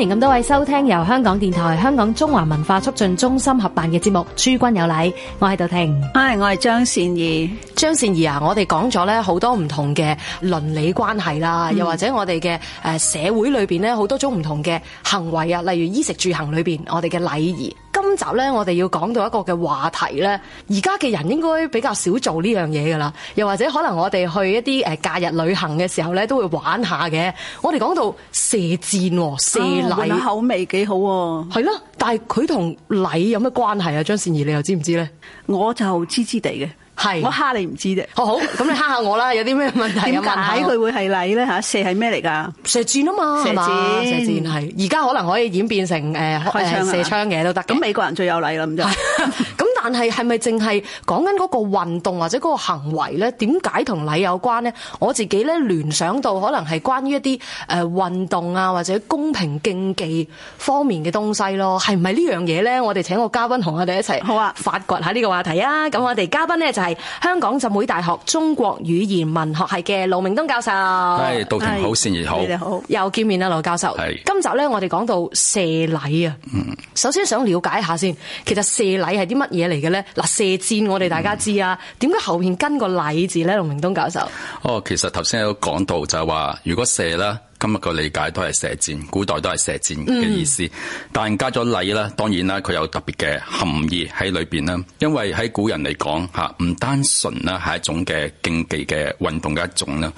歡迎咁多位收聽由香港電台，香港中華文化促進中心合辦嘅節目《諸君有禮》，我係杜婷，嗨，我係張善儀。張善儀啊，我哋講咗咧好多唔同嘅倫理關係啦，嗯、又或者我哋嘅誒社會裏邊咧好多種唔同嘅行為啊，例如衣食住行裏邊我哋嘅禮儀。今集咧，我哋要講到一個嘅話題咧，而家嘅人應該比較少做呢樣嘢噶啦，又或者可能我哋去一啲誒假日旅行嘅時候咧，都會玩下嘅。我哋講到射箭、哦、射禮，換、哦、口味幾好、啊。係咯、啊，但係佢同禮有咩關係啊？張善儀，你又知唔知咧？我就知知地嘅。.係，是我蝦你唔知啫。好好，咁你蝦下我啦， 有啲咩問題啊？問題，佢會係禮咧吓，射係咩嚟噶？射箭啊嘛，射箭，吧射箭係。而家可能可以演變成誒開槍、啊、射槍嘅都得。咁美國人最有禮啦，咁就咁。但係係咪淨係講緊嗰個運動或者嗰個行為咧？點解同禮有關咧？我自己咧聯想到可能係關於一啲誒運動啊或者公平競技方面嘅東西咯。係唔係呢樣嘢咧？我哋請個嘉賓同我哋一齊好啊發掘下呢個話題啊！咁我哋嘉賓咧就係香港浸會大學中國語言文學系嘅盧鳴東教授。係，道平好，善亦好，你好。又見面啦，盧教授。係。今集咧我哋講到射禮啊。嗯。首先想了解一下先，其實射禮係啲乜嘢？嚟嘅咧，嗱射箭我哋大家知啊，點解後面跟個禮字咧？盧鳴東教授，哦，其實頭先有講到就係話，如果射啦，今日個理解都係射箭，古代都係射箭嘅意思，嗯、但加咗禮啦，當然啦，佢有特別嘅含義喺裏邊啦，因為喺古人嚟講嚇，唔單純啦係一種嘅競技嘅運動嘅一種啦。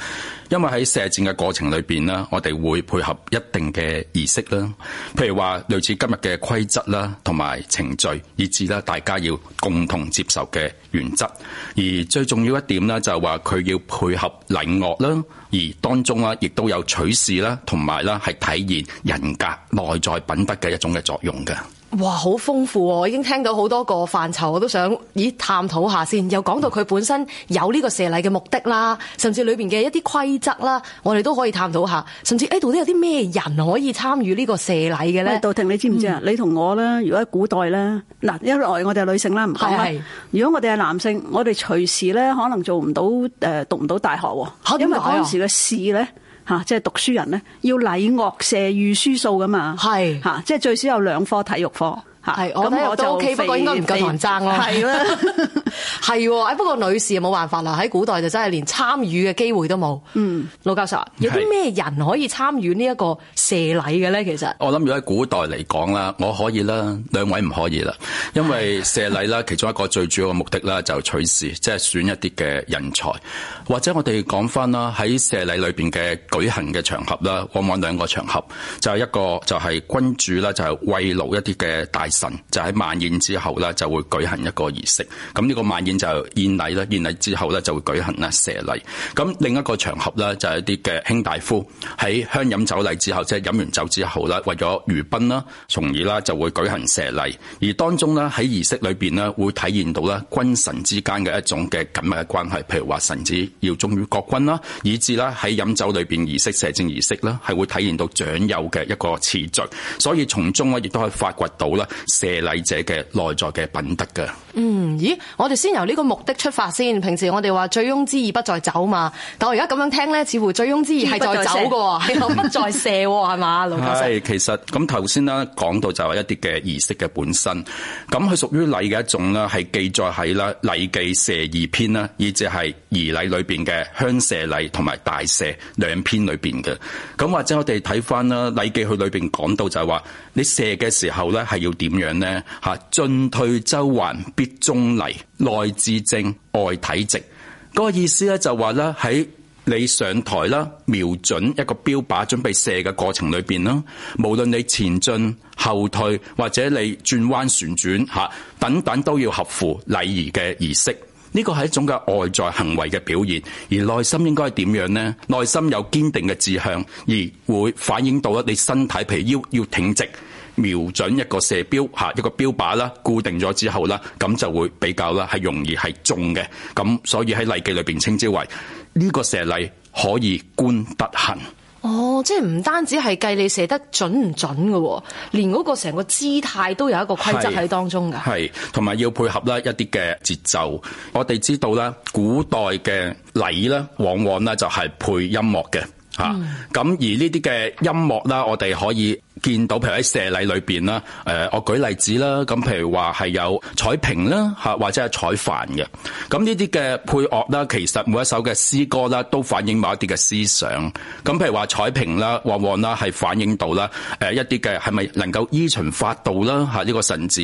因為喺射箭嘅過程裏邊咧，我哋會配合一定嘅儀式啦，譬如話類似今日嘅規則啦，同埋程序，以至咧大家要共同接受嘅原則。而最重要一點咧，就係話佢要配合禮樂啦，而當中咧亦都有取士啦，同埋啦係體現人格內在品德嘅一種嘅作用嘅。哇，好豐富喎、哦！已經聽到好多個範疇，我都想咦探討下先。又講到佢本身有呢個射禮嘅目的啦，甚至裏邊嘅一啲規則啦，我哋都可以探討下。甚至誒、哎、到底有啲咩人可以參與這個社呢個射禮嘅咧？杜婷，你知唔知啊？嗯、你同我啦，如果喺古代呢，嗱，一來因為我哋係女性啦，唔係。是是如果我哋係男性，我哋隨時咧可能做唔到誒，讀唔到大學喎，因為當時嘅試咧。吓，即係讀書人咧，要禮樂射御書數噶嘛，係吓是，即係最少有兩科體育課。係，是嗯、我睇都 OK，不過應該唔夠人爭咯。係啦，係喎，不過女士冇辦法啦，喺古代就真係連參與嘅機會都冇。嗯，盧教授是有啲咩人可以參與呢一個射禮嘅咧？其實我諗如果喺古代嚟講啦，我可以啦，兩位唔可以啦，因為射禮啦，其中一個最主要嘅目的啦，就是取士，即、就、係、是、選一啲嘅人才。或者我哋講返啦，喺射禮裏邊嘅舉行嘅場合啦，往往兩個場合，就係、是、一個就係君主啦，就係、是、慰勞一啲嘅大。神就喺、是、晚宴之後咧，就會舉行一個儀式。咁呢個晚宴就宴禮啦。宴禮之後咧就會舉行咧射禮。咁另一個場合咧，就係一啲嘅卿大夫喺鄉飲酒禮之後，即、就、係、是、飲完酒之後咧，為咗娛賓啦，從而啦就會舉行射禮。而當中咧喺儀式裏面咧，會體現到咧君臣之間嘅一種嘅緊密嘅關係。譬如話，臣子要忠於國君啦，以至呢喺飲酒裏面儀式射箭儀式啦，係會體現到長幼嘅一個次序。所以從中咧亦都可以發掘到啦。射禮者嘅內在嘅品德噶。嗯，咦？我哋先由呢個目的出發先。平時我哋話醉翁之意不在酒嘛，但我而家咁樣聽咧，似乎醉翁之意係在酒噶，不在射喎，係嘛、 啊？老教授係，其實咁頭先呢講到就係一啲嘅儀式嘅本身，咁佢屬於禮嘅一種啦，係記載喺啦《禮記射義篇》啦，以至係儀禮裏邊嘅鄉射禮同埋大射兩篇裏邊嘅。咁或者我哋睇翻啦，《禮記》佢裏邊講到就係話，你射嘅時候咧係要點樣咧？吓，進退周還中禮內自正，外體直。嗰、嗰個意思咧就話咧喺你上台啦，瞄準一個標靶，準備射嘅過程裏邊啦，無論你前進、後退或者你轉彎、旋轉吓等等，都要合乎禮儀嘅儀式。呢個係一種嘅外在行為嘅表現，而內心應該係點樣呢？內心有堅定嘅志向，而會反映到咧你身體皮腰要,要挺直。瞄準一個射標吓一個標靶啦，固定咗之後啦，咁就會比較啦係容易係中嘅，咁所以喺禮記裏邊稱之為呢、這個射禮可以觀德行。哦，即係唔單止係計你射得準唔準嘅，連嗰個成個姿態都有一個規則喺當中噶係同埋要配合啦一啲嘅節奏。我哋知道咧，古代嘅禮咧，往往咧就係配音樂嘅，吓。咁、嗯、而呢啲嘅音樂啦，我哋可以。見到譬如喺射禮裏邊啦，誒我舉例子啦，咁譬如話係有彩屏啦，吓或者係彩帆嘅，咁呢啲嘅配樂啦，其實每一首嘅詩歌啦，都反映某一啲嘅思想。咁譬如話彩屏啦，往往啦係反映到啦，誒一啲嘅係咪能夠依循法度啦，吓、這、呢個臣子；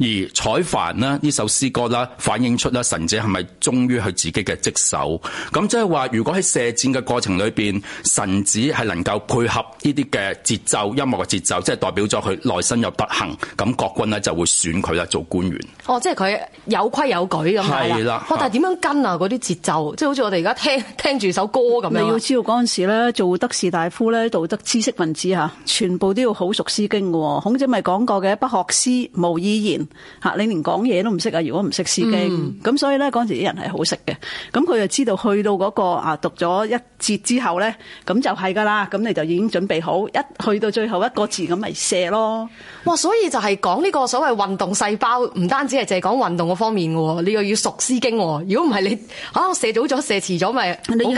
而彩帆啦呢首詩歌啦，反映出啦臣子係咪忠於佢自己嘅職守。咁即係話，如果喺射箭嘅過程裏邊臣子係能夠配合呢啲嘅節奏、音樂嘅節就即係代表咗佢內心有德行，咁國君呢就會選佢咧做官員。哦，即係佢有規有矩咁啦。係啦，哦，但係點樣跟啊？嗰啲節奏，即係好似我哋而家聽聽住首歌咁樣。你要知道嗰陣時咧，做德士大夫咧，道德知識分子嚇，全部都要好熟《詩經》嘅。孔子咪講過嘅，不學詩無以言。」嚇，你連講嘢都唔識啊！如果唔識《詩經》嗯，咁所以咧嗰陣時啲人係好識嘅。咁佢就知道去到嗰個啊，讀咗一節之後咧，咁就係㗎啦。咁你就已經準備好，一去到最後一個字咁咪射咯，哇！所以就係講呢個所謂運動細胞，唔單止係淨係講運動個方面嘅，你又要熟詩經。如果唔係你、啊、我射早咗射遲咗咪好尷尬。你要音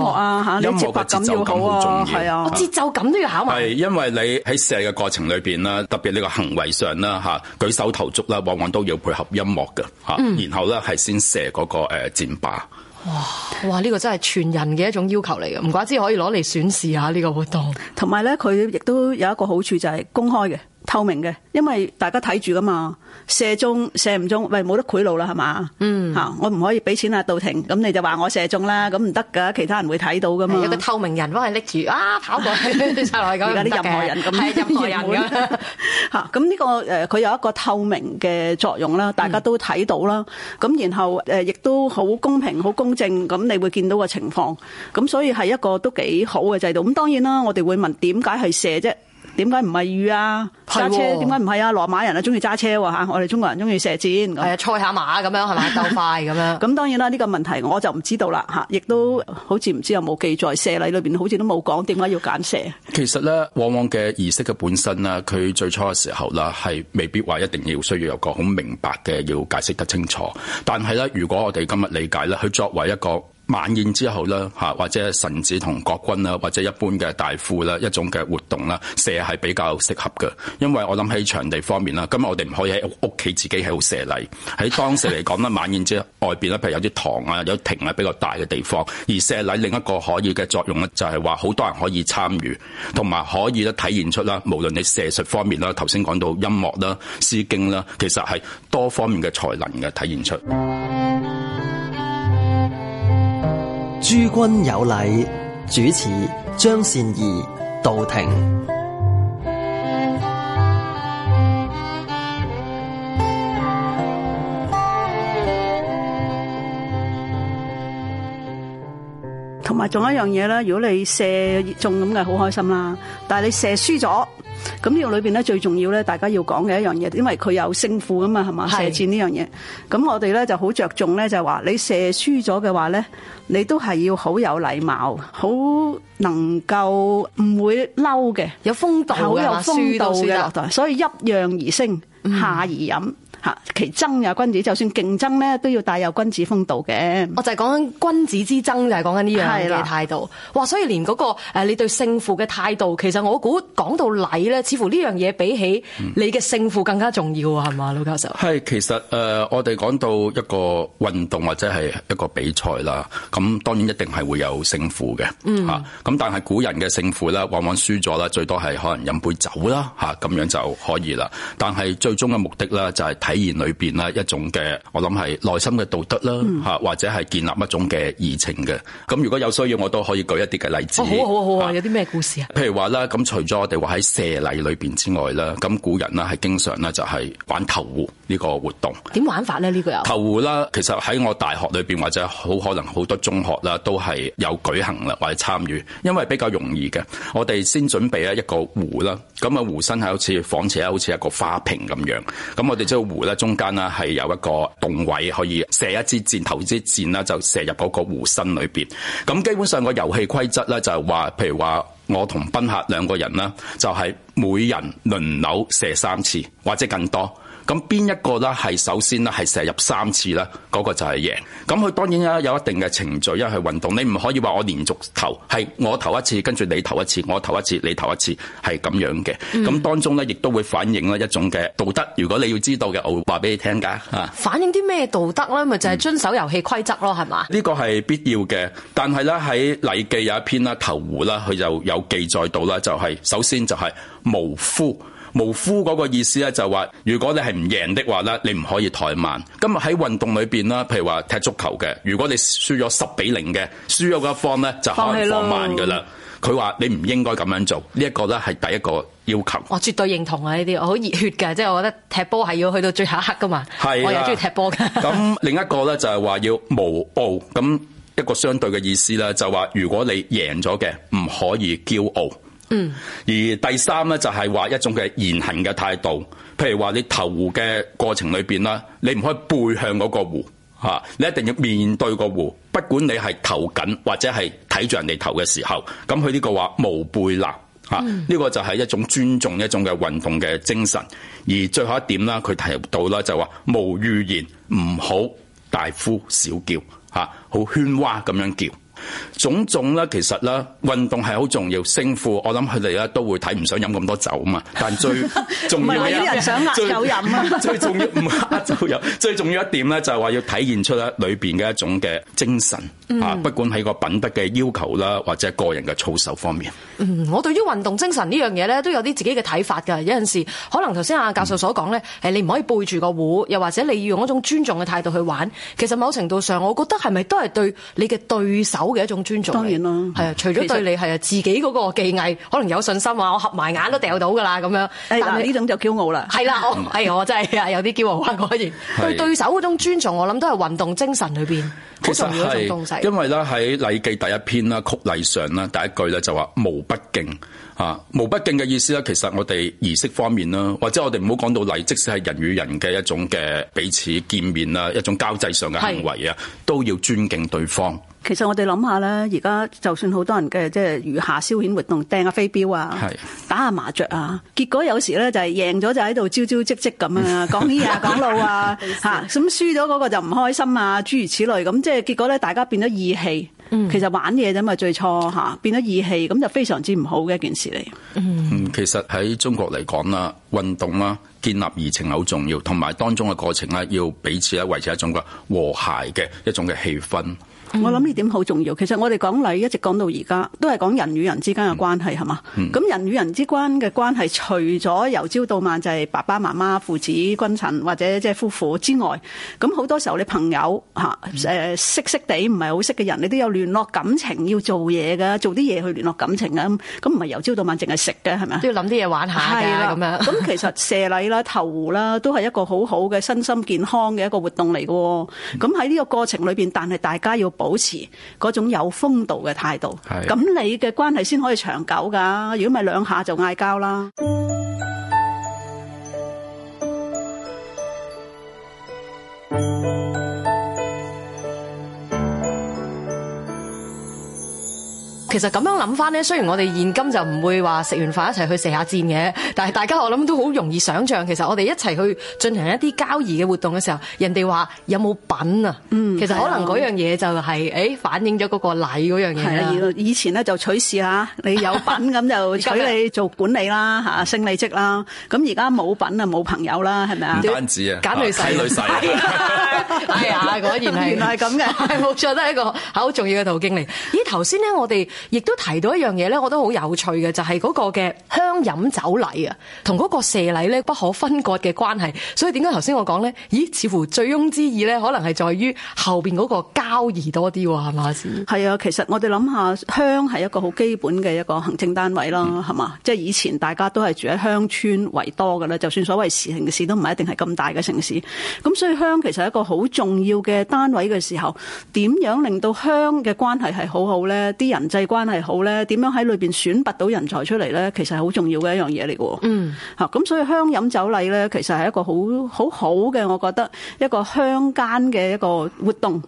樂啊，吓你節奏感好重要，係啊節奏感都要考埋。係因為你喺射嘅過程裏邊啦，特別呢個行為上啦，吓舉手投足啦，往往都要配合音樂嘅吓，嗯、然後咧係先射嗰個誒箭靶。哇哇！呢、這個真係全人嘅一種要求嚟嘅，唔怪之可以攞嚟選試下呢個活動，同埋咧佢亦都有一個好處就係、是、公開嘅。透明嘅，因為大家睇住噶嘛，射中射唔中，喂冇得賄賂啦，係嘛？吓我唔可以俾錢啊，到庭咁你就話我射中啦，咁唔得噶，其他人會睇到噶嘛。有個透明人幫你拎住，啊，跑過去就係咁，而家啲任何人咁，係任何人噶吓，咁呢個誒，佢有一個透明嘅作用啦，大家都睇到啦，咁然後誒，亦都好公平、好公正，咁你會見到個情況，咁所以係一個都幾好嘅制度。咁當然啦，我哋會問點解係射啫？點解唔係雨啊？揸車點解唔係啊？羅馬人喜歡車啊，中意揸車吓，我哋中國人中意射箭，係啊，賽下馬咁樣係嘛，鬥快咁樣。咁 當然啦，呢、這個問題我就唔知道啦吓，亦都好似唔知有冇記載，射禮裏邊好似都冇講點解要揀射。其實咧，往往嘅儀式嘅本身啦，佢最初嘅時候啦，係未必話一定要需要有一個好明白嘅，要解釋得清楚。但係咧，如果我哋今日理解咧，佢作為一個。晚宴之後咧，吓或者臣子同國君或者一般嘅大夫啦，一種嘅活動啦，射係比較適合嘅。因為我諗喺場地方面啦，今日我哋唔可以喺屋企自己喺度射禮。喺當時嚟講咧，晚宴之後外邊咧，譬如有啲堂啊，有亭啊，比較大嘅地方。而射禮另一個可以嘅作用咧，就係話好多人可以參與，同埋可以咧體現出啦，無論你射術方面啦，頭先講到音樂啦、詩經啦，其實係多方面嘅才能嘅體現出。諸君有禮，主持張善儀道庭。同埋仲有一樣嘢咧，如果你射中咁嘅好開心啦，但係你射輸咗，咁呢個裏邊咧最重要咧，大家要講嘅一樣嘢，因為佢有勝負噶嘛，係嘛，射箭呢樣嘢，咁我哋咧就好着重咧，就係話你射輸咗嘅話咧，你都係要好有禮貌，好能夠唔會嬲嘅，有風度，好有風度嘅，所以揖讓而升，下而飲。吓，其爭有、啊、君子，就算競爭咧，都要帶有君子風度嘅。我就係講緊君子之爭，就係、是、講緊呢樣嘢嘅態度。的哇，所以連嗰個你對勝負嘅態度，其實我估講到禮咧，似乎呢樣嘢比起你嘅勝負更加重要啊，係嘛、嗯，盧教授？係，其實誒、呃，我哋講到一個運動或者係一個比賽啦，咁當然一定係會有勝負嘅。嗯。咁、啊、但係古人嘅勝負咧，往往輸咗咧，最多係可能飲杯酒啦，嚇、啊，咁樣就可以啦。但係最終嘅目的咧，就係、是體現裏邊啦一種嘅，我諗係內心嘅道德啦，吓、嗯、或者係建立一種嘅義情嘅。咁如果有需要，我都可以舉一啲嘅例子。哦、好好啊好啊，有啲咩故事啊？譬如話啦，咁除咗我哋話喺射禮裏邊之外啦，咁古人呢係經常呢就係玩投壺呢個活動。點玩法咧？呢、這個啊？投壺啦，其實喺我大學裏邊或者好可能好多中學啦都係有舉行啦或者參與，因為比較容易嘅。我哋先準備啊一個壺啦，咁啊壺身係好似仿似啊好似一個花瓶咁樣，咁我哋即個壺。咧中間呢，係有一個洞位可以射一支箭頭。支箭呢，就射入嗰個壺身裏邊。咁基本上個遊戲規則呢，就係話，譬如話我同賓客兩個人啦，就係每人輪流射三次或者更多。咁邊一個咧係首先咧係射入三次咧，嗰、那個就係贏。咁佢當然有一定嘅程序一系運動，你唔可以話我連續投係我投一次，跟住你投一次，我投一次，你投一次係咁樣嘅。咁、嗯、當中咧亦都會反映咧一種嘅道德。如果你要知道嘅，我會話俾你聽㗎嚇，反映啲咩道德咧？咪就係遵守遊戲規則咯，係嘛、嗯？呢吧個係必要嘅，但係咧喺禮記有一篇啦，投壺啦，佢就有記載到啦、就是，就係首先就係無夫。無夫嗰個意思咧，就話如果你係唔贏的話咧，你唔可以怠慢。今日喺運動裏邊啦，譬如話踢足球嘅，如果你輸咗十比零嘅，輸咗嗰一方咧就可能放慢噶啦。佢話你唔應該咁樣做，呢一個咧係第一個要求。我絕對認同啊！呢啲我好熱血嘅，即係我覺得踢波係要去到最後一刻噶嘛。係、啊、我又中意踢波㗎。咁 另一個咧就係話要無傲，咁一個相對嘅意思呢，就話如果你贏咗嘅，唔可以驕傲。嗯，而第三咧就係話一種嘅言行嘅態度，譬如話你投壺嘅過程裏邊啦，你唔可以背向嗰個壺，吓，你一定要面對個壺。不管你係投緊或者係睇住人哋投嘅時候，咁佢呢個話無背立，吓、啊，呢、嗯、個就係一種尊重一種嘅運動嘅精神。而最後一點啦，佢提到啦，就話無語言，唔好大呼小叫，吓，好喧嘩咁樣叫。種種咧，其實咧，運動係好重要。勝負，我諗佢哋咧都會睇唔想飲咁多酒嘛。但最重要係啲 人想壓酒飲啊！最重要唔壓酒飲， 最重要一點咧就係話要體現出咧裏邊嘅一種嘅精神啊，嗯、不管喺個品德嘅要求啦，或者個人嘅操守方面。嗯，我對於運動精神呢樣嘢咧都有啲自己嘅睇法噶。有陣時可能頭先阿教授所講咧，係、嗯、你唔可以背住個壺，又或者你要用一種尊重嘅態度去玩。其實某程度上，我覺得係咪都係對你嘅對手，嘅一種尊重，當然啦，係啊、嗯，除咗對你係啊，實是自己嗰個技藝可能有信心話，我合埋眼都掉到噶啦咁樣。但係呢、哎、種就驕傲啦，係啦，我係 我真係有啲驕傲啊！果然對是對手嗰種尊重，我諗都係運動精神裏邊好重要一種東西。因為咧喺禮記第一篇啦，曲禮上啦，第一句咧就話無不敬。啊！無不敬嘅意思咧，其實我哋儀式方面啦，或者我哋唔好講到禮，即使係人與人嘅一種嘅彼此見面啊，一種交際上嘅行為啊，是都要尊敬對方。其實我哋諗下咧，而家就算好多人嘅，即係餘下消遣活動，掟下飛鏢啊，是打下麻雀啊，結果有時咧就係贏咗就喺度招招積積咁啊，講嘢啊，講路啊，嚇咁 輸咗嗰個就唔開心啊，諸如此類咁，即係結果咧，大家變咗義氣。嗯，嗯，其實玩嘢啫嘛，最初嚇，變咗義氣，咁就非常之唔好嘅一件事嚟。嗯，其實喺中國嚟講啦，運動啦，建立熱情好重要，同埋當中嘅過程咧，要彼此咧維持一種嘅和諧嘅一種嘅氣氛。嗯、我諗呢點好重要，其實我哋講禮一直講到而家，都係講人與人之間嘅關係，係嘛？咁人與人之間嘅關係，除咗由朝到晚就係爸爸媽媽父子君臣或者即係夫婦之外，咁好多時候你朋友吓誒、啊、識識地唔係好識嘅人，你都有聯絡感情要做嘢噶，做啲嘢去聯絡感情啊！咁唔係由朝到晚淨係食嘅係咪？都要諗啲嘢玩下噶咁樣。咁其實射禮啦、投壺啦，都係一個好好嘅身心健康嘅一個活動嚟喎。咁喺呢個過程裏邊，但係大家要。保持嗰種有風度嘅態度，咁你嘅關係先可以長久㗎。如果咪兩下就嗌交啦。 其實咁樣諗翻咧，雖然我哋現今就唔會話食完飯一齊去射下箭嘅，但係大家我諗都好容易想像，其實我哋一齊去進行一啲交誼嘅活動嘅時候，人哋話有冇品啊？嗯、其實可能嗰、嗯、樣嘢就係、是、誒、哎、反映咗嗰個禮嗰樣嘢、嗯、以前咧就取士啦，你有品咁就取你做管理啦，嚇升你職啦。咁而家冇品啊，冇、啊啊啊啊、朋友啦，係咪啊？唔單止啊，揀女婿，女婿係啊，果然原來係咁嘅，冇錯，都係一個好重要嘅途徑嚟。咦，頭先咧我哋，亦都提到一樣嘢咧，我都好有趣嘅，就係、是、嗰個嘅鄉飲酒禮啊，同嗰個射禮咧不可分割嘅關係，所以點解頭先我講咧？咦，似乎醉翁之意咧，可能係在於後邊嗰個交易多啲喎，係咪先？係啊，其實我哋諗下，鄉係一個好基本嘅一個行政單位啦，係嘛、嗯？即係以前大家都係住喺鄉村為多嘅啦，就算所謂時行市都唔係一定係咁大嘅城市。咁所以鄉其實係一個好重要嘅單位嘅時候，點樣令到鄉嘅關係係好好咧？啲人際。關係好咧，點樣喺裏面選拔到人才出嚟咧？其實係好重要嘅一樣嘢嚟嘅。嗯，咁所以鄉飲酒禮咧，其實係一個好好好嘅，我覺得一個鄉間嘅一個活動。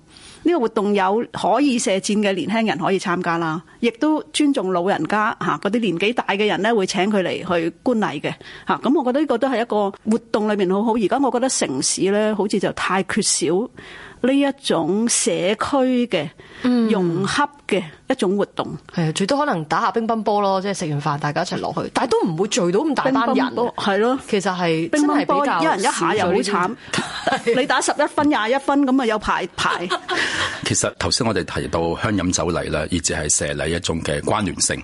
呢個活動有可以射箭嘅年輕人可以參加啦，亦都尊重老人家嚇嗰啲年紀大嘅人咧，會請佢嚟去觀禮嘅嚇。咁我覺得呢個都係一個活動裏面好好。而家我覺得城市咧，好似就太缺少。呢一種社區嘅融合嘅一種活動，係啊、嗯，最多可能打下乒乓波咯，即係食完飯大家一齊落去，但係都唔會聚到咁大班人，係咯，其實係乒乓波一人一下又好慘，的你打十一分廿一分咁啊，有排排。 其實頭先我哋提到鄉飲酒禮啦，以至係射禮一種嘅關聯性，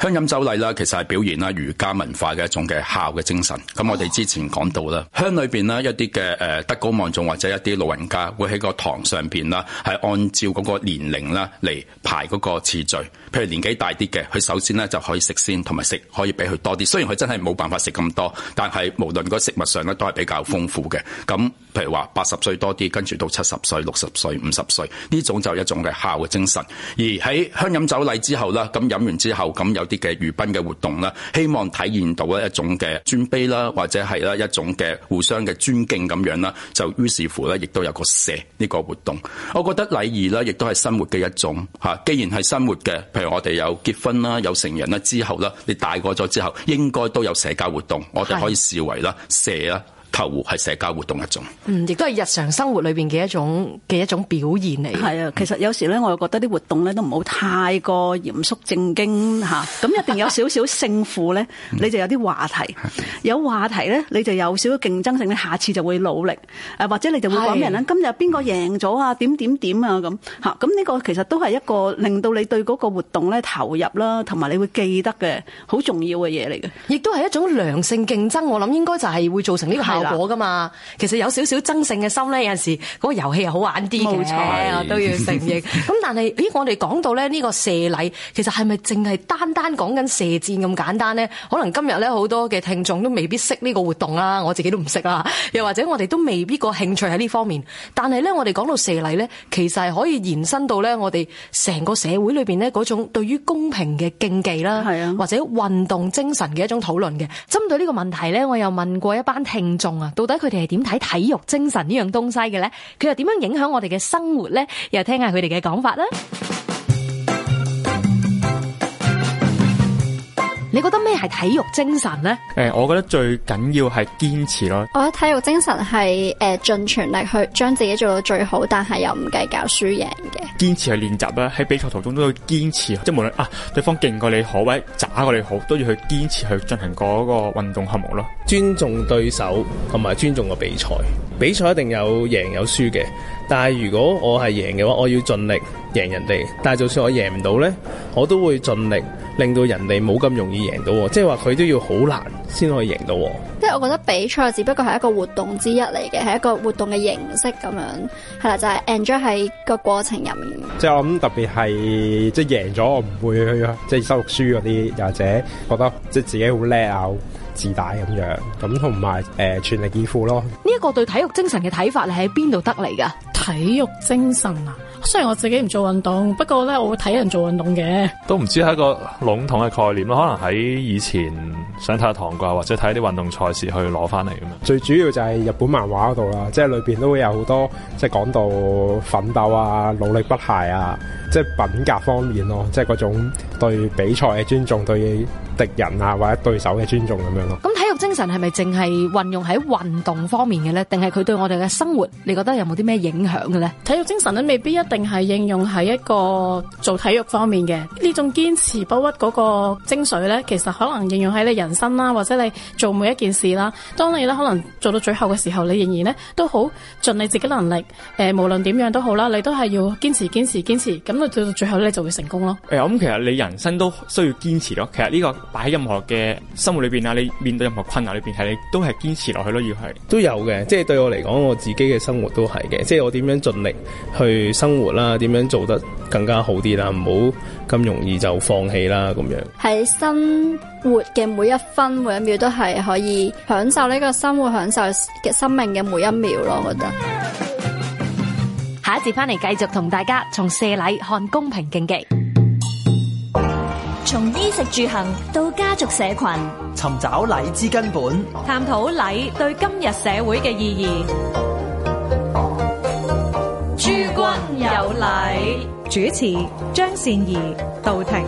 鄉飲酒禮啦，其實係表現啦儒家文化嘅一種嘅孝嘅精神。咁我哋之前講到啦，鄉裏邊啦一啲嘅誒德高望重或者一啲老人家會喺個堂上邊啦，係按照嗰個年齡啦嚟排嗰個次序。譬如年紀大啲嘅，佢首先咧就可以食先，同埋食可以俾佢多啲。雖然佢真係冇辦法食咁多，但係無論嗰食物上咧都係比較豐富嘅。咁譬如話八十歲多啲，跟住到七十歲、六十歲、五十歲呢種就一種嘅孝嘅精神。而喺鄉飲酒禮之後呢，咁飲完之後咁有啲嘅娛賓嘅活動啦，希望體驗到一種嘅尊卑啦，或者係啦一種嘅互相嘅尊敬咁樣啦，就於是乎咧亦都有個射呢個活動。我覺得禮儀咧亦都係生活嘅一種嚇，既然係生活嘅。譬如我哋有結婚啦，有成人啦之後啦，你大個咗之後，應該都有社交活動，我哋可以視為啦社啦。投壺係社交活動一種，嗯，亦都係日常生活裏邊嘅一種嘅一種表現嚟。係啊，其實有時咧，我又覺得啲活動咧都唔好太過嚴肅正經嚇，咁一、 啊、定有少少勝負咧，你就有啲話題， 有話題咧，你就有少少競爭性，你下次就會努力，誒、啊、或者你就會講人啦，的今日邊個贏咗啊？點點點啊咁嚇，咁呢、啊、個其實都係一個令到你對嗰個活動咧投入啦，同埋你會記得嘅好重要嘅嘢嚟嘅，亦都係一種良性競爭。我諗應該就係會造成呢個效果噶嘛，其實有少少爭勝嘅心咧，有陣時嗰個遊戲好玩啲嘅，冇錯啊，都要承認，認。咁 但係，咦，我哋講到咧呢個射禮，其實係咪淨係單單講緊射箭咁簡單呢？可能今日咧好多嘅聽眾都未必識呢個活動啦，我自己都唔識啦。又或者我哋都未必個興趣喺呢方面。但係咧，我哋講到射禮咧，其實係可以延伸到咧我哋成個社會裏邊咧嗰種對於公平嘅競技啦，啊、或者運動精神嘅一種討論嘅。針對呢個問題咧，我又問過一班聽眾。到底佢哋係點睇體育精神呢樣東西嘅咧？佢又點樣影響我哋嘅生活咧？又聽下佢哋嘅講法啦。你覺得咩係體育精神呢？誒、呃，我覺得最緊要係堅持咯。我覺得體育精神係誒、呃、盡全力去將自己做到最好，但係又唔計較輸贏嘅。堅持去練習啦，喺比賽途中都要堅持，即係無論啊對方勁過你好，或者渣過你好，都要去堅持去進行嗰個運動項目咯。尊重對手同埋尊重個比賽，比賽一定有贏有輸嘅。但係如果我係贏嘅話，我要盡力贏人哋。但係就算我贏唔到呢，我都會盡力。令到人哋冇咁容易贏到，即係話佢都要好難先可以贏到。即係我覺得比賽只不過係一個活動之一嚟嘅，係一個活動嘅形式咁樣，係啦，就係 enjoy 喺個過程入面。即係我諗特別係即係贏咗，我唔會去即係收穫輸嗰啲，又或者覺得即係自己好叻啊、自大咁樣，咁同埋誒全力以赴咯。呢一個對體育精神嘅睇法，你喺邊度得嚟㗎？體育精神啊，雖然我自己唔做運動，不過咧我會睇人做運動嘅。都唔知係一個籠統嘅概念咯，可能喺以前想睇下糖果，或者睇啲運動賽事去攞翻嚟咁樣。最主要就係日本漫畫嗰度啦，即係裏邊都會有好多即係講到奮鬥啊、努力不懈啊，即係品格方面咯，即係嗰種對比賽嘅尊重、對敵人啊或者對手嘅尊重咁樣咯。精神係咪淨係運用喺運動方面嘅咧？定係佢對我哋嘅生活，你覺得有冇啲咩影響嘅咧？體育精神咧，未必一定係應用喺一個做體育方面嘅呢種堅持不屈嗰個精髓咧。其實可能應用喺你人生啦，或者你做每一件事啦。當你咧可能做到最後嘅時候，你仍然咧都好盡你自己的能力。誒、呃，無論點樣都好啦，你都係要堅持堅持堅持。咁你做到最後咧，就會成功咯。誒、欸，咁、嗯、其實你人生都需要堅持咯。其實呢個擺喺任何嘅生活裏邊啊，你面對任何。困難裏邊係你都係堅持落去咯，是要係都有嘅。即係對我嚟講，我自己嘅生活都係嘅。即係我點樣盡力去生活啦，點樣做得更加好啲啦，唔好咁容易就放棄啦咁樣。係生活嘅每一分每一秒都係可以享受呢個生活，享受嘅生命嘅每一秒咯。我覺得。下一節翻嚟繼續同大家從射禮看公平競技。從衣食住行到家族社群，尋找禮之根本，探討禮對今日社會嘅意義。諸君有禮，主持張善儀到庭。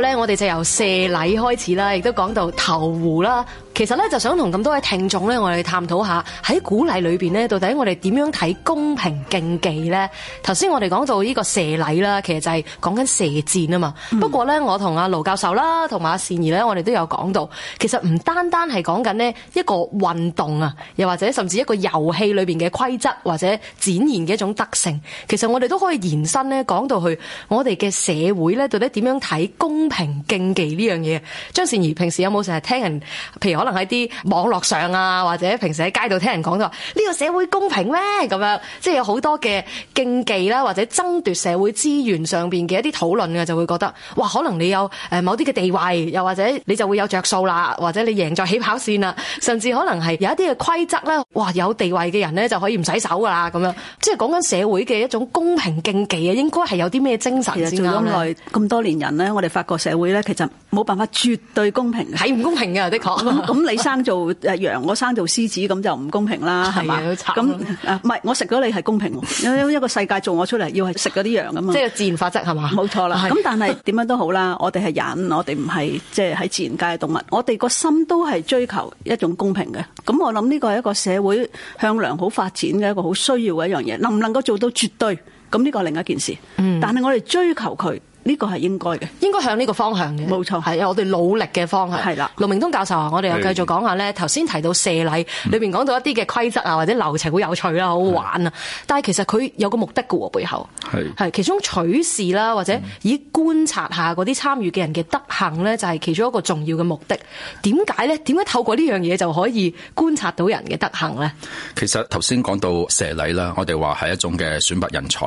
咧，我哋就由射禮開始啦，亦都講到投壺啦。其實呢就想同咁多位聽眾呢，我哋探討下喺鼓勵裏面呢，到底我哋點樣睇公平競技呢？頭先我哋講到呢個射禮啦，其實就係講緊射箭啊嘛。嗯、不過呢，我同阿盧教授啦，同埋阿善兒呢，我哋都有講到，其實唔單單係講緊呢一個運動啊，又或者甚至一個遊戲裏面嘅規則或者展現嘅一種特性。其實我哋都可以延伸呢，講到去我哋嘅社會呢，到底點樣睇公平競技呢樣嘢？張善兒平時有冇成日聽人，譬如可能，喺啲網絡上啊，或者平時喺街度聽人講都話呢個社會公平咩咁樣？即係有好多嘅競技啦，或者爭奪社會資源上邊嘅一啲討論嘅，就會覺得，哇，可能你有誒某啲嘅地位，又或者你就會有着數啦，或者你贏在起跑線啦，甚至可能係有一啲嘅規則啦。」哇，有地位嘅人咧就可以唔使守㗎啦咁樣。即係講緊社會嘅一種公平競技啊，應該係有啲咩精神咁啊？咁多年人咧，我哋發覺社會咧其實冇辦法絕對公平，係唔公平嘅，的確。 咁 你生做誒羊，我生做獅子，咁就唔公平啦，係嘛？ 咁唔係我食咗你係公平， 因為一個世界做我出嚟要係食嗰啲羊咁嘛？即係 自然法則係嘛？冇錯啦。咁、啊、但係點都樣都好啦，我哋係人，我哋唔係即係喺自然界嘅動物，我哋個心都係追求一種公平嘅。咁我諗呢個係一個社會向良好發展嘅一個好需要嘅一樣嘢，能唔能夠做到絕對？咁呢個係另一件事。嗯、但係我哋追求佢。呢個係應該嘅，應該向呢個方向嘅，冇錯，係，啊，我哋努力嘅方向係啦。盧鳴東教授，啊，我哋又繼續講下咧。頭先提到射禮，裏邊講到一啲嘅規則啊，或者流程好有趣啦，好玩啊。但係其實佢有個目的嘅喎，背後，係，係其中取事啦，或者以觀察下嗰啲參與嘅人嘅德行咧，就係其中一個重要嘅目的。點解咧？點解透過呢樣嘢就可以觀察到人嘅德行咧？其實頭先講到射禮啦，我哋話係一種嘅選拔人才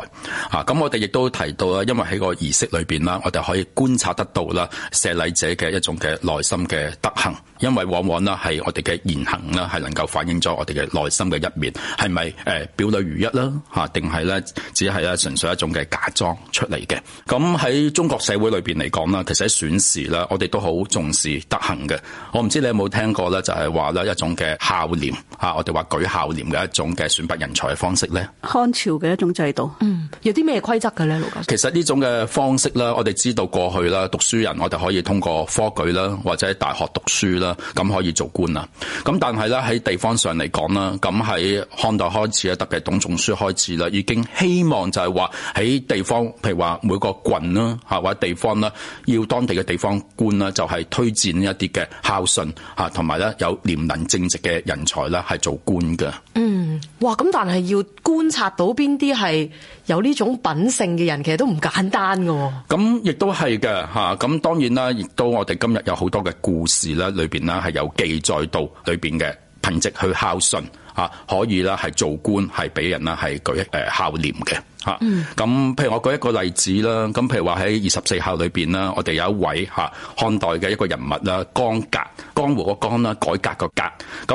啊。咁我哋亦都提到啦，因為喺個儀式裏邊。我哋可以觀察得到啦，射禮者嘅一種嘅內心嘅德行，因為往往啦係我哋嘅言行啦，係能夠反映咗我哋嘅內心嘅一面，係咪誒表裏如一啦？嚇，定係呢？只係咧純粹一種嘅假裝出嚟嘅？咁喺中國社會裏邊嚟講啦，其實喺選士呢，我哋都好重視德行嘅。我唔知你有冇聽過呢，就係話呢一種嘅孝廉嚇，我哋話舉孝廉嘅一種嘅選拔人才嘅方式呢？漢朝嘅一種制度，嗯，有啲咩規則嘅咧？盧教授，其實呢種嘅方式，啦，我哋知道過去啦，讀書人我哋可以通過科舉啦，或者大學讀書啦，咁可以做官啦。咁但係咧喺地方上嚟講啦，咁喺漢代開始啊，特別係董仲舒開始啦，已經希望就係話喺地方，譬如話每個郡啦，嚇，或者地方啦，要當地嘅地方官啦，就係推薦一啲嘅孝順嚇，同埋咧有廉能正直嘅人才啦，係做官嘅。嗯，哇！咁但係要觀察到邊啲係有呢種品性嘅人，其實都唔簡單嘅喎。咁亦都係嘅，嚇，咁當然啦，亦都我哋今日有好多嘅故事咧，裏邊咧係有記載到裏邊嘅品藉去孝順，嚇，可以啦，係做官係俾人啦係舉誒孝廉嘅嚇。咁譬如我舉一個例子啦，咁譬如話喺二十四孝裏邊啦，我哋有一位嚇漢代嘅一個人物啦，江革。江湖個江啦，改革個革，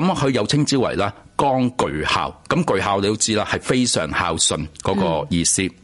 咁佢又稱之為啦江巨孝。咁巨孝你都知啦，係非常孝順嗰個意思。嗯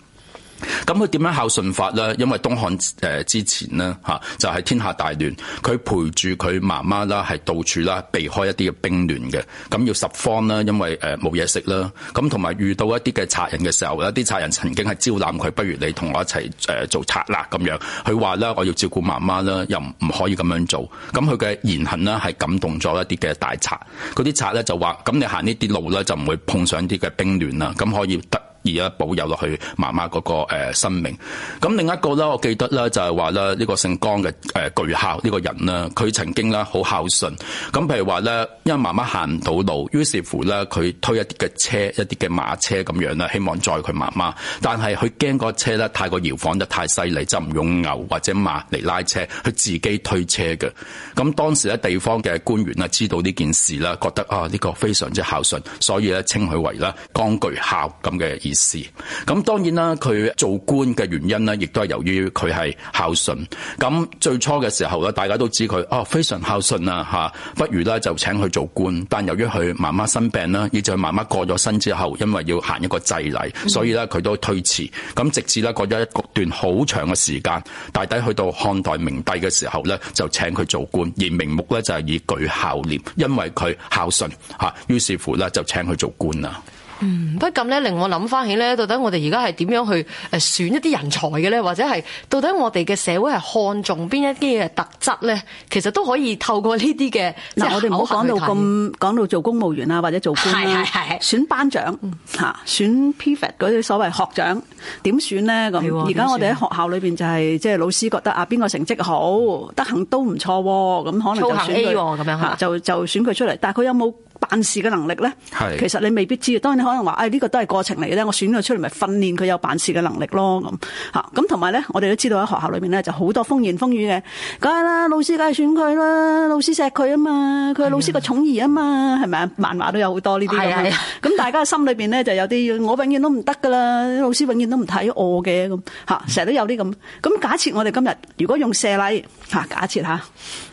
咁佢點樣孝順法咧因為東漢誒、呃、之前咧吓、啊，就係、是、天下大亂，佢陪住佢媽媽啦，係到處啦避開一啲嘅兵亂嘅。咁要拾荒啦，因為誒冇嘢食啦。咁同埋遇到一啲嘅賊人嘅時候，呢，啲賊人曾經係招攬佢，不如你同我一齊誒做賊啦咁樣。佢話咧我要照顧媽媽啦，又唔可以咁樣做。咁佢嘅言行呢，係感動咗一啲嘅大賊。嗰啲賊咧就話：咁你行呢啲路咧就唔會碰上啲嘅兵亂啦。咁可以得。而家保有落去媽媽嗰個誒生命。咁另一個咧，我記得咧就係話咧呢個姓江嘅誒巨孝呢個人咧，佢曾經咧好孝順，咁譬如話咧，因為媽媽行唔到路，於是乎咧佢推一啲嘅車一啲嘅馬車咁樣啦，希望載佢媽媽，但係佢驚個車咧太過搖晃得太犀利，就唔用牛或者馬嚟拉車，佢自己推車嘅。咁當時咧地方嘅官員咧知道呢件事啦，覺得啊呢個非常之孝順，所以咧稱佢為咧江巨孝咁嘅事咁，當然啦，佢做官嘅原因呢，亦都係由於佢係孝順。咁最初嘅時候咧，大家都知佢啊，非常孝順啊，不如咧就請佢做官。但由於佢媽媽生病啦，以致佢媽媽過咗身之後，因為要行一個祭禮，所以咧佢都推遲。咁直至呢，過咗一段好長嘅時間，大抵去到漢代明帝嘅時候咧，就請佢做官。而名目咧就係以舉孝廉，因為佢孝順嚇，於是乎咧就請佢做官啦。嗯，不禁咧令我諗翻起咧，到底我哋而家係點樣去誒選一啲人才嘅咧，或者係到底我哋嘅社會係看中邊一啲嘅特質咧？其實都可以透過呢啲嘅，嗱、即係、我哋唔好講到咁講到做公務員啊，或者做官啦、啊，係係係選班長吓，嗯、選 prefect 嗰啲所謂學長點選咧咁？而家的我哋喺學校裏邊就係即係老師覺得啊邊個成績好，得行都唔錯咁，可能都選 A 咁樣吓，就就選佢出嚟，的但係佢有冇？辦事嘅能力咧，其實你未必知道。當然你可能話，哎，呢、這個都係過程嚟嘅。咧，我選佢出嚟咪訓練佢有辦事嘅能力咯。咁、嗯、嚇，咁同埋咧，我哋都知道喺學校裏面咧就好多風言風語嘅。梗係啦，老師梗係選佢啦，老師錫佢啊嘛，佢係老師嘅寵兒啊嘛，係咪是啊？漫畫都有好多呢啲咁。咁、啊啊、大家心裏邊咧就有啲我永遠都唔得㗎啦，老師永遠都唔睇我嘅咁嚇，成、嗯、日、嗯嗯、都有啲咁。咁假設我哋今日如果用射禮。嚇、啊，假設嚇，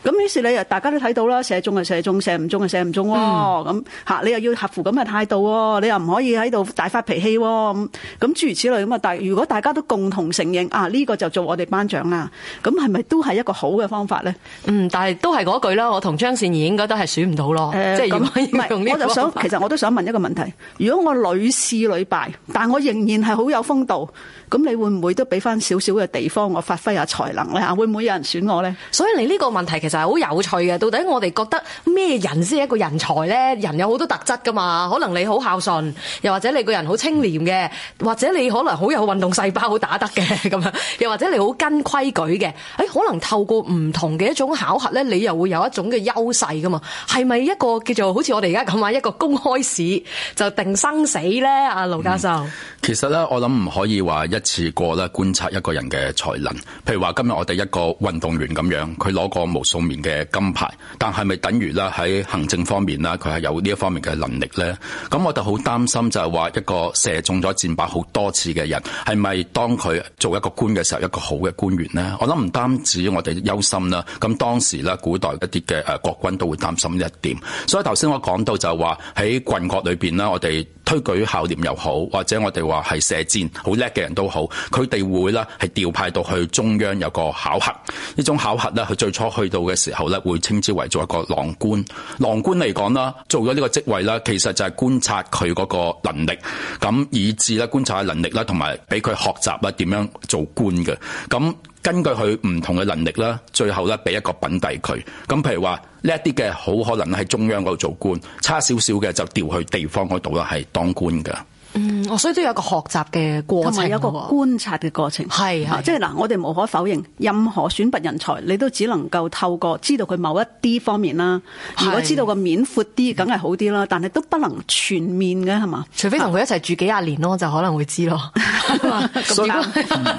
咁於是你啊，大家都睇到啦，射中啊射中，射唔中，射唔中、哦嗯、啊射唔中喎，咁嚇你又要合乎咁嘅態度喎、哦，你又唔可以喺度大發脾氣喎、哦，咁咁諸如此類咁啊。但如果大家都共同承認啊，呢、呢個就做我哋班長啦，咁係咪都係一個好嘅方法咧？嗯，但係都係嗰句啦，我同張善宜應該都係選唔到咯。呃、即係如果唔係，我就想其實我都想問一個問題：如果我屢試屢敗，但我仍然係好有風度，咁你會唔會都俾翻少少嘅地方我發揮下才能咧？嚇，會唔會有人選我？所以你呢個問題其實係好有趣嘅，到底我哋覺得咩人先係一個人才呢？人有好多特質噶嘛，可能你好孝順，又或者你個人好清廉嘅，或者你可能好有運動細胞，好打得嘅咁樣，又或者你好跟規矩嘅，欸，可能透過唔同嘅一種考核呢，你又會有一種嘅優勢噶嘛？係咪一個叫做好似我哋而家咁話一個公開試就定生死呢？阿盧教授。嗯。其實咧，我諗唔可以話一次過咧觀察一個人嘅才能。譬如話今日我哋一個運動員咁樣，佢攞過無數面嘅金牌，但係咪等於呢？喺行政方面呢，佢係有呢一方面嘅能力咧？咁我就好擔心就係話一個射中咗箭靶好多次嘅人，係咪當佢做一個官嘅時候，一個好嘅官員咧？我諗唔單止我哋憂心啦，咁當時咧古代一啲嘅誒國君都會擔心一點。所以頭先我講到就係話喺郡國裏邊咧，我哋。推舉孝廉又好，或者我哋話係射箭好叻嘅人都好，佢哋會咧係調派到去中央有個考核。呢種考核咧，佢最初去到嘅時候咧，會稱之為做一個郎官。郎官嚟講啦，做咗呢個職位啦，其實就係觀察佢嗰個能力，咁以至咧觀察嘅能力啦，同埋俾佢學習啦點樣做官嘅，咁。根據佢唔同嘅能力啦，最後咧俾一個品第佢。咁譬如話，呢啲嘅好可能喺中央嗰度做官，差少少嘅就調去地方嗰度啦，係當官嘅。嗯，所以都有一個學習嘅過程，同埋一個觀察嘅過程，係啊，即係嗱，我哋無可否認，任何選拔人才，你都只能夠透過知道佢某一啲方面啦。如果知道個面闊啲，梗係好啲啦，但係都不能全面嘅係嘛？除非同佢一齊住幾廿年咯，是我就可能會知咯。咁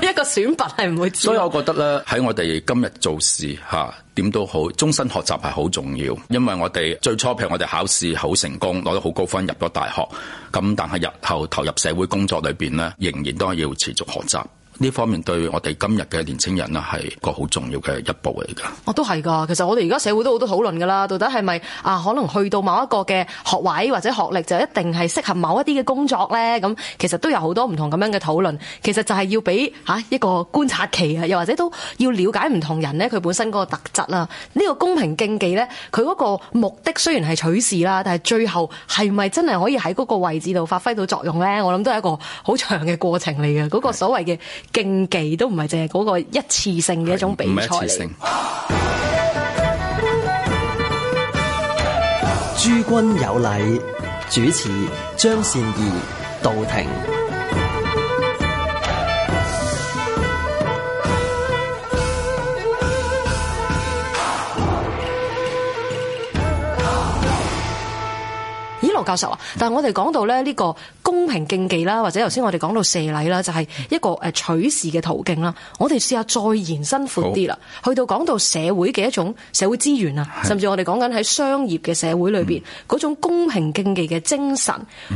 以 一個選拔係唔會知。所以我覺得咧，喺我哋今日做事吓。點都好，終身學習係好重要，因為我哋最初譬如我哋考試好成功，攞咗好高分入咗大學，咁但係日後投入社會工作裏面咧，仍然都要持續學習。呢方面對我哋今日嘅年青人呢係個好重要嘅一步嚟噶。哦、啊，都係㗎。其實我哋而家社會都好多討論㗎啦。到底係咪啊？可能去到某一個嘅學位或者學歷就一定係適合某一啲嘅工作呢？咁、嗯、其實都有好多唔同咁樣嘅討論。其實就係要俾嚇、啊、一個觀察期啊，又或者都要了解唔同人呢，佢本身嗰個特質啦。呢、呢個公平競技呢，佢嗰個目的雖然係取事啦，但係最後係咪真係可以喺嗰個位置度發揮到作用呢？我諗都係一個好長嘅過程嚟嘅。的嗰個所謂嘅。競技都唔係淨係嗰個一次性嘅一種比賽嚟。諸君有禮，主持張善宜到庭。教授啊，但係我哋講到咧呢個公平競技啦，或者頭先我哋講到射禮啦，就係、是、一個誒取士嘅途徑啦。我哋試下再延伸闊啲啦，好去到講到社會嘅一種社會資源啊，是甚至我哋講緊喺商業嘅社會裏邊嗰、嗯、種公平競技嘅精神，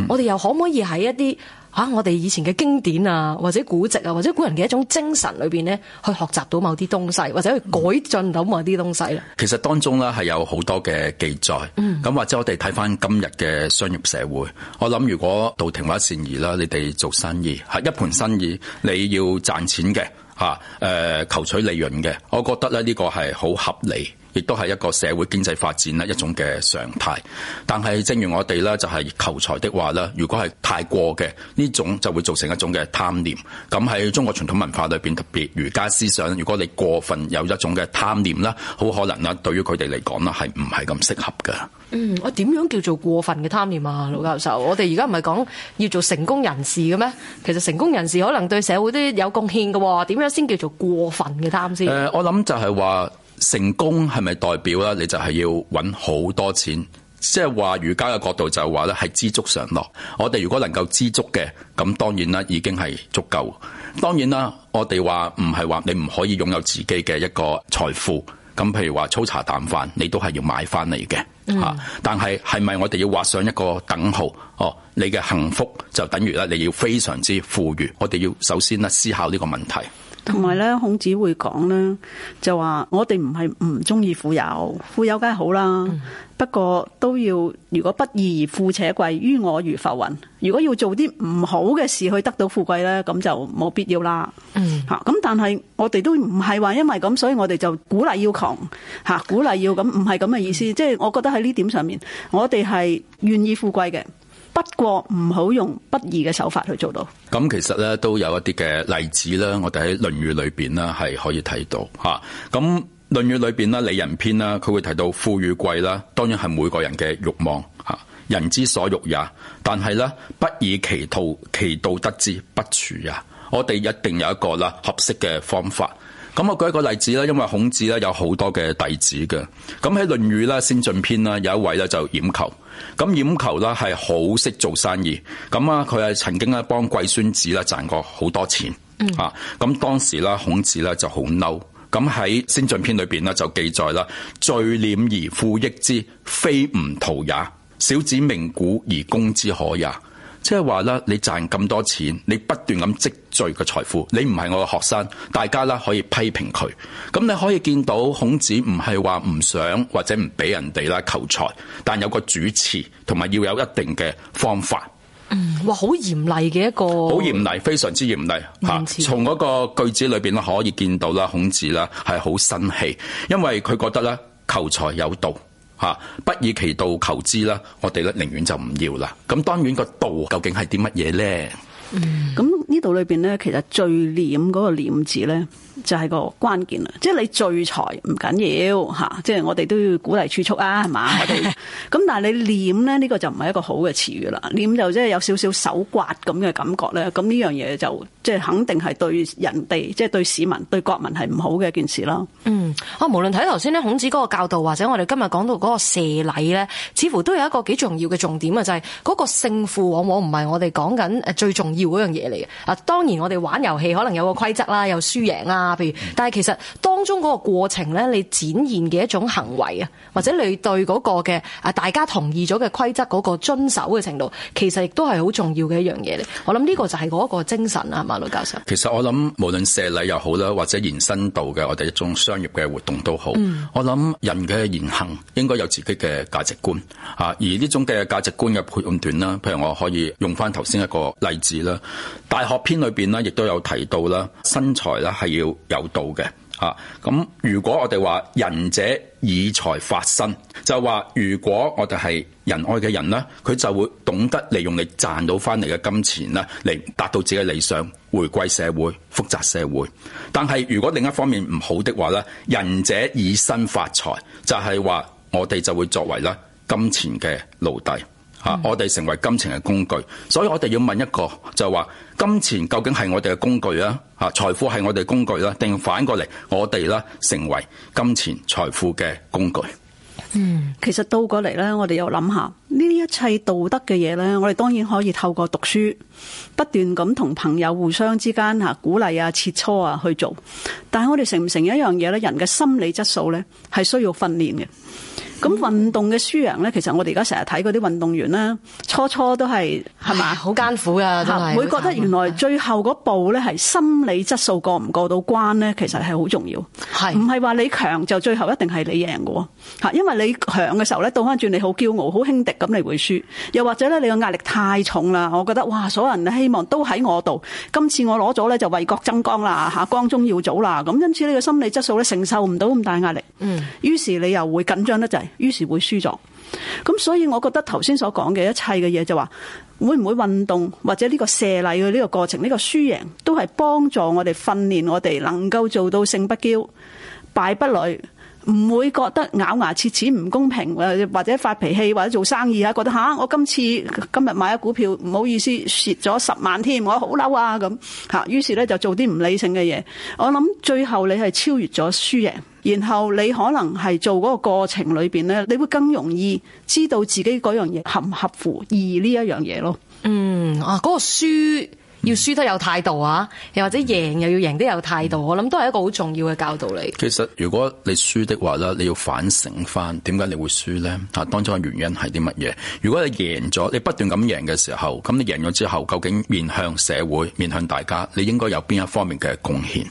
我哋又可唔可以喺一啲？啊！我哋以前嘅經典啊，或者古籍啊，或者古人嘅一種精神裏邊咧，去學習到某啲東西，或者去改進到某啲東西啦。其實當中咧係有好多嘅記載，咁、嗯、或者我哋睇翻今日嘅商業社會，我諗如果道庭或善宜啦，你哋做生意係一盤生意，你要賺錢嘅嚇，誒求取利潤嘅，我覺得咧呢個係好合理。亦都係一個社會經濟發展咧一種嘅常態，但係正如我哋咧就係求財的話咧，如果係太過嘅呢種就會造成一種嘅貪念。咁喺中國傳統文化裏面，特別儒家思想，如果你過分有一種嘅貪念啦，好可能啦，對於佢哋嚟講啦係唔係咁適合㗎。嗯，我、啊、點樣叫做過分嘅貪念啊，盧教授？我哋而家唔係講要做成功人士嘅咩？其實成功人士可能對社會都有貢獻嘅喎、啊。點樣先叫做過分嘅貪先、呃？我諗就係話。成功係咪代表咧？你就係要揾好多錢，即係話儒家嘅角度就係話咧，係知足常樂。我哋如果能夠知足嘅，咁當然啦，已經係足夠。當然啦，我哋話唔係話你唔可以擁有自己嘅一個財富。咁譬如話粗茶淡飯，你都係要買翻嚟嘅嚇。但係係咪我哋要劃上一個等號？哦，你嘅幸福就等於咧，你要非常之富裕。我哋要首先咧思考呢個問題。同埋咧，孔子會講咧，就話我哋唔係唔中意富有，富有梗係好啦。不過都要，如果不義而富且貴，於我如浮雲。如果要做啲唔好嘅事去得到富貴咧，咁就冇必要啦。嚇、嗯啊，咁但係我哋都唔係話因為咁，所以我哋就鼓勵要窮嚇、啊，鼓勵要咁，唔係咁嘅意思。嗯、即係我覺得喺呢點上面，我哋係願意富貴嘅。不過唔好用不義嘅手法去做到。咁其實咧都有一啲嘅例子咧，我哋喺《論語》裏邊咧係可以睇到吓。咁、啊《論語》裏邊咧《里仁篇》啦，佢會提到富與貴啦，當然係每個人嘅慾望吓、啊，人之所欲也。但係咧，不以其道，其道得之，不處也。我哋一定有一個啦合適嘅方法。咁我舉一個例子啦，因為孔子咧有好多嘅弟子嘅。咁喺《論語》啦、《先進篇》啦，有一位咧就冉求。咁冉求咧係好識做生意，咁啊佢係曾經咧幫季孫子咧賺過好多錢，啊、嗯，咁當時咧孔子咧就好嬲，咁喺《先進篇》裏邊咧就記載啦：聚斂而富益之，非吾徒也；小子鳴鼓而攻之可也。即係話咧，就是、你賺咁多錢，你不斷咁積罪嘅財富，你唔係我嘅學生，大家呢可以批評佢。咁你可以見到孔子唔係話唔想或者唔俾人哋啦求財，但有個主持同埋要有一定嘅方法。嗯，哇，好嚴厲嘅一個，好嚴厲，非常之嚴厲吓。從嗰個句子裏邊啦，可以見到啦，孔子啦係好生氣，因為佢覺得咧求財有道吓，不以其道求之啦，我哋咧寧願就唔要啦。咁當然個道究竟係啲乜嘢呢？嗯，咁呢度裏邊咧，其實最念嗰、那個念字咧。就係個關鍵啦，即係你聚財唔緊要嚇，即係我哋都要鼓勵儲蓄啊，係嘛？我哋咁 但係你念咧，呢、呢個就唔係一個好嘅詞語啦。念就即係有少少手刮咁嘅感覺咧，咁呢樣嘢就即係肯定係對人哋，即係對市民、對國民係唔好嘅一件事啦。嗯，啊，無論睇頭先咧，孔子嗰個教導，或者我哋今日講到嗰個射禮咧，似乎都有一個幾重要嘅重點啊，就係、是、嗰個勝負往往唔係我哋講緊最重要嗰樣嘢嚟嘅。啊，當然我哋玩遊戲可能有個規則啦，有輸贏啊。嗯、但係其實當中嗰個過程咧，你展現嘅一種行為啊，或者你對嗰個嘅啊大家同意咗嘅規則嗰個遵守嘅程度，其實亦都係好重要嘅一樣嘢嚟。我諗呢個就係嗰一個精神啦，係嘛，盧教授。其實我諗，無論射禮又好啦，或者延伸到嘅我哋一種商業嘅活動都好，嗯、我諗人嘅言行應該有自己嘅價值觀啊。而呢種嘅價值觀嘅判斷啦，譬如我可以用翻頭先一個例子啦，《大學》篇裏邊呢亦都有提到啦，身材啦係要。有道嘅啊，咁如果我哋話仁者以財發身，就話如果我哋係仁愛嘅人咧，佢就會懂得利用你賺到翻嚟嘅金錢呢嚟達到自己嘅理想，回歸社會，複雜社會。但係如果另一方面唔好的話咧，仁者以身發財，就係、是、話我哋就會作為咧金錢嘅奴隸。 啊、我哋成為金錢嘅工具，所以我哋要問一個，就係話金錢究竟係我哋嘅工具啦、啊，啊財富係我哋工具啦、啊，定反過嚟我哋咧成為金錢財富嘅工具？嗯，其實倒過嚟咧，我哋又諗下呢一切道德嘅嘢咧，我哋當然可以透過讀書，不斷咁同朋友互相之間鼓勵啊切磋啊去做，但係我哋成唔成一樣嘢咧？人嘅心理質素咧係需要訓練嘅。咁、嗯、運動嘅輸贏咧，其實我哋而家成日睇嗰啲運動員咧，初初都係係嘛，好艱苦噶都係，是會覺得原來最後嗰步咧係心理質素過唔過到關咧，其實係好重要，係唔係話你強就最後一定係你贏喎？因為你強嘅時候咧，倒翻轉你好驕傲、好輕敵咁，你會輸；又或者咧，你個壓力太重啦，我覺得哇，所有人嘅希望都喺我度，今次我攞咗咧就為國增光啦嚇，光宗耀祖啦，咁因此呢個心理質素咧承受唔到咁大壓力，嗯，於是你又會緊張得滯。於是會輸咗，咁所以我覺得頭先所講嘅一切嘅嘢就話，會唔會運動或者呢個射禮嘅呢個過程，呢個輸贏都係幫助我哋訓練我哋能夠做到勝不驕、敗不餒。唔會覺得咬牙切齒唔公平，或者發脾氣，或者做生意啊，覺得吓、啊、我今次今日買咗股票，唔好意思蝕咗十萬添，我好嬲啊咁吓，於是咧就做啲唔理性嘅嘢。我諗最後你係超越咗輸贏，然後你可能係做嗰個過程裏面咧，你會更容易知道自己嗰樣嘢合唔合乎意呢一樣嘢咯。嗯啊，嗰個輸。要輸得有態度啊，又或者贏又要贏得有態度，嗯、我諗都係一個好重要嘅教導嚟。其實如果你輸的話咧，你要反省翻點解你會輸咧？嚇，當中嘅原因係啲乜嘢？如果你贏咗，你不斷咁贏嘅時候，咁你贏咗之後，究竟面向社會、面向大家，你應該有邊一方面嘅貢獻？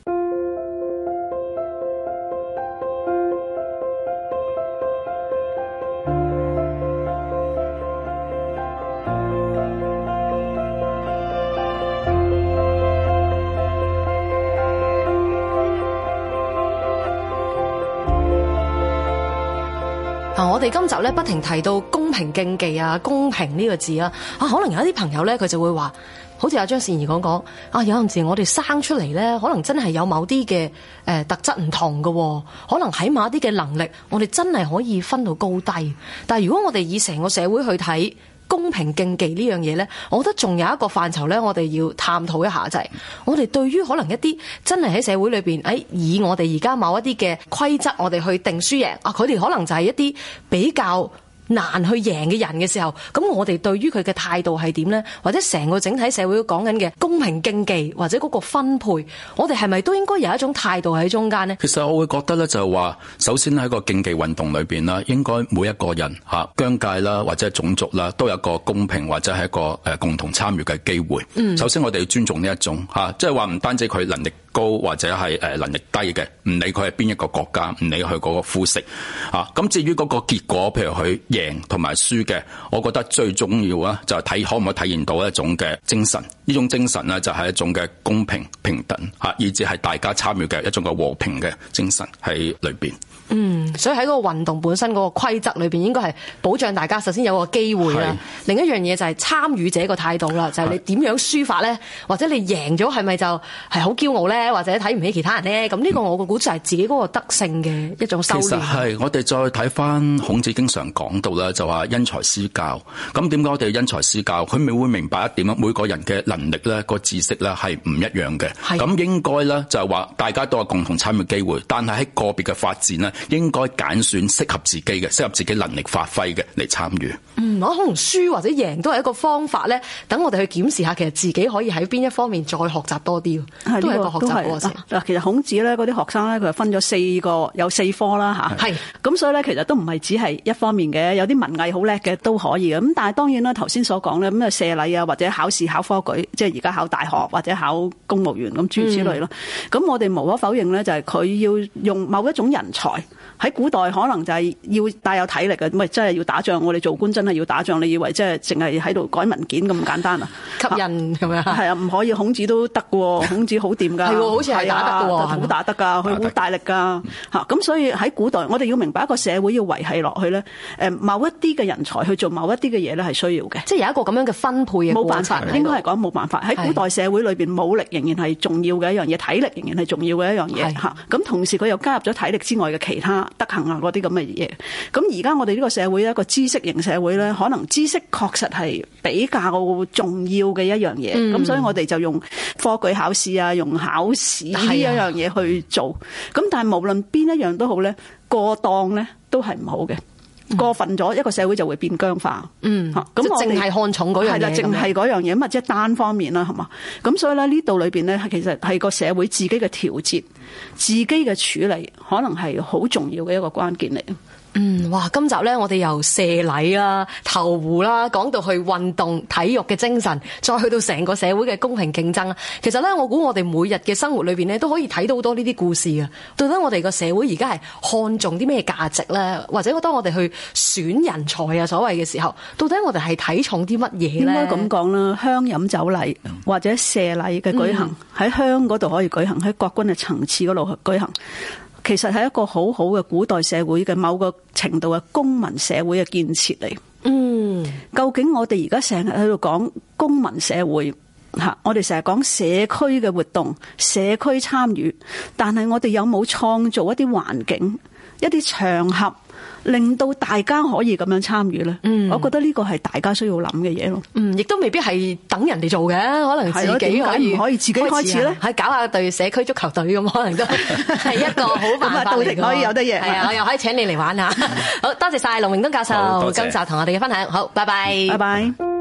你今集咧不停提到公平競技啊，公平呢個字啊，啊可能有一啲朋友咧佢就會話，好似阿張善儀講講啊，有陣時我哋生出嚟咧，可能真係有某啲嘅誒特質唔同嘅，哦，可能喺某一啲嘅能力，我哋真係可以分到高低，但係如果我哋以成個社會去睇。公平競技呢樣嘢呢，我覺得仲有一個範疇呢，我哋要探討一下，就係、是、我哋對於可能一啲真係喺社會裏面，喺以我哋而家某一啲嘅規則，我哋去定輸贏啊，佢哋可能就係一啲比較。難去贏嘅人嘅時候，咁我哋對於佢嘅態度係點呢？或者成個整體社會講緊嘅公平競技或者嗰個分配，我哋係咪都應該有一種態度喺中間呢？其實我會覺得咧，就係話，首先喺個競技運動裏邊啦，應該每一個人吓疆界、啦或者種族啦，都有一個公平或者係一個誒共同參與嘅機會。嗯。首先我哋要尊重呢一種吓，即係話唔單止佢能力高或者係誒能力低嘅，唔理佢係邊一個國家，唔理佢嗰個膚色吓。咁至於嗰個結果，譬如佢,贏同埋輸嘅，我覺得最重要啊，就係睇可唔可以體現到一種嘅精神，呢種精神咧就係一種嘅公平平等，吓，以至係大家參與嘅一種嘅和平嘅精神喺裏邊。嗯，所以喺個運動本身嗰個規則裏邊，應該係保障大家首先有個機會啦。是另一樣嘢就係參與者個態度啦，就係、是、你點樣輸法咧是，或者你贏咗係咪就係好驕傲咧，或者睇唔起其他人咧？咁呢個我個估就係自己嗰個德性嘅一種修煉。其實係我哋再睇翻孔子經常講。度咧就話因材施教，咁點解我哋因材施教？佢咪會明白一點啊？每個人嘅能力咧，個知識咧係唔一樣嘅。咁的應該咧就係話，大家都有共同參與機會，但係喺個別嘅發展呢，應該揀選、選適合自己嘅、適合自己能力發揮嘅嚟參與。嗯，可能輸或者贏都係一個方法咧。等我哋去檢視下，其實自己可以喺邊一方面再學習多啲，呢個、都係一個學習過程。嗱、啊，其實孔子咧嗰啲學生咧，佢係分咗四個有四科啦吓，係的。咁、啊、所以咧，其實都唔係只係一方面嘅。有啲文藝好叻嘅都可以啊，咁但係當然啦，頭先所講咧咁啊，射禮啊，或者考試考科舉，即係而家考大學或者考公務員咁諸如此類咯。咁、嗯、我哋無可否認咧，就係、是、佢要用某一種人才。喺古代可能就係要帶有體力嘅，咪真係要打仗。我哋做官真係要打仗。你以為即係淨係喺度改文件咁簡單啊？吸引咁啊？係啊，唔可以。孔子都得嘅，孔子好掂㗎。係好似係打得㗎，好打得㗎，佢好大力㗎。嚇，咁所以喺古代，我哋要明白一個社會要維係落去咧，誒，某一啲嘅人才去做某一啲嘅嘢咧，係需要嘅。即係有一個咁樣嘅分配，冇辦法，應該係講冇辦法，喺古代社會裏邊，武力仍然係重要嘅一樣嘢，體力仍然係重要嘅一樣嘢。係咁同時佢又加入咗體力之外嘅其他。德行啊！嗰啲咁嘅嘢，咁而家我哋呢個社會一個知識型社會咧，可能知識確實係比較重要嘅一樣嘢，咁、嗯、所以我哋就用科舉考試啊，用考試呢一樣嘢去做，咁、啊、但係無論邊一樣都好咧，過當咧都係唔好嘅。過分咗，一個社會就會變僵化。嗯，咁淨係看重嗰樣嘢，係啦的，淨係嗰樣嘢，咁啊，即係單方面啦，係嘛。咁所以咧，呢度裏邊咧，其實係個社會自己嘅調節，自己嘅處理，可能係好重要嘅一個關鍵嚟。嗯，哇！今集呢我哋由射禮啦、投壺啦、啊，講到去運動、體育嘅精神，再去到成個社會嘅公平競爭、啊。其實呢我估我哋每日嘅生活裏邊呢都可以睇到好多呢啲故事啊！到底我哋個社會而家係看重啲咩價值呢？或者當我哋去選人才啊，所謂嘅時候，到底我哋係睇重啲乜嘢呢？應該咁講啦，鄉飲酒禮或者射禮嘅舉行，喺、嗯、鄉嗰度可以舉行，喺國君嘅層次嗰度舉行。其實係一個好好嘅古代社會嘅某個程度嘅公民社會嘅建設嚟。嗯，究竟我哋而家成日喺度講公民社會嚇，我哋成日講社區嘅活動、社區參與，但係我哋有冇創造一啲環境、一啲場合？令到大家可以咁樣參與咧，嗯，我覺得呢個係大家需要諗嘅嘢咯。嗯，亦都未必係等人哋做嘅，可能自己唔可，可以自己開始咧。係搞下隊社區足球隊咁，可能都係一個好辦法。咁啊、嗯，到時可以有得贏。係啊，我又可以請你嚟玩下。好多謝曬盧鳴東教授今集同我哋嘅分享。好，拜拜，拜拜。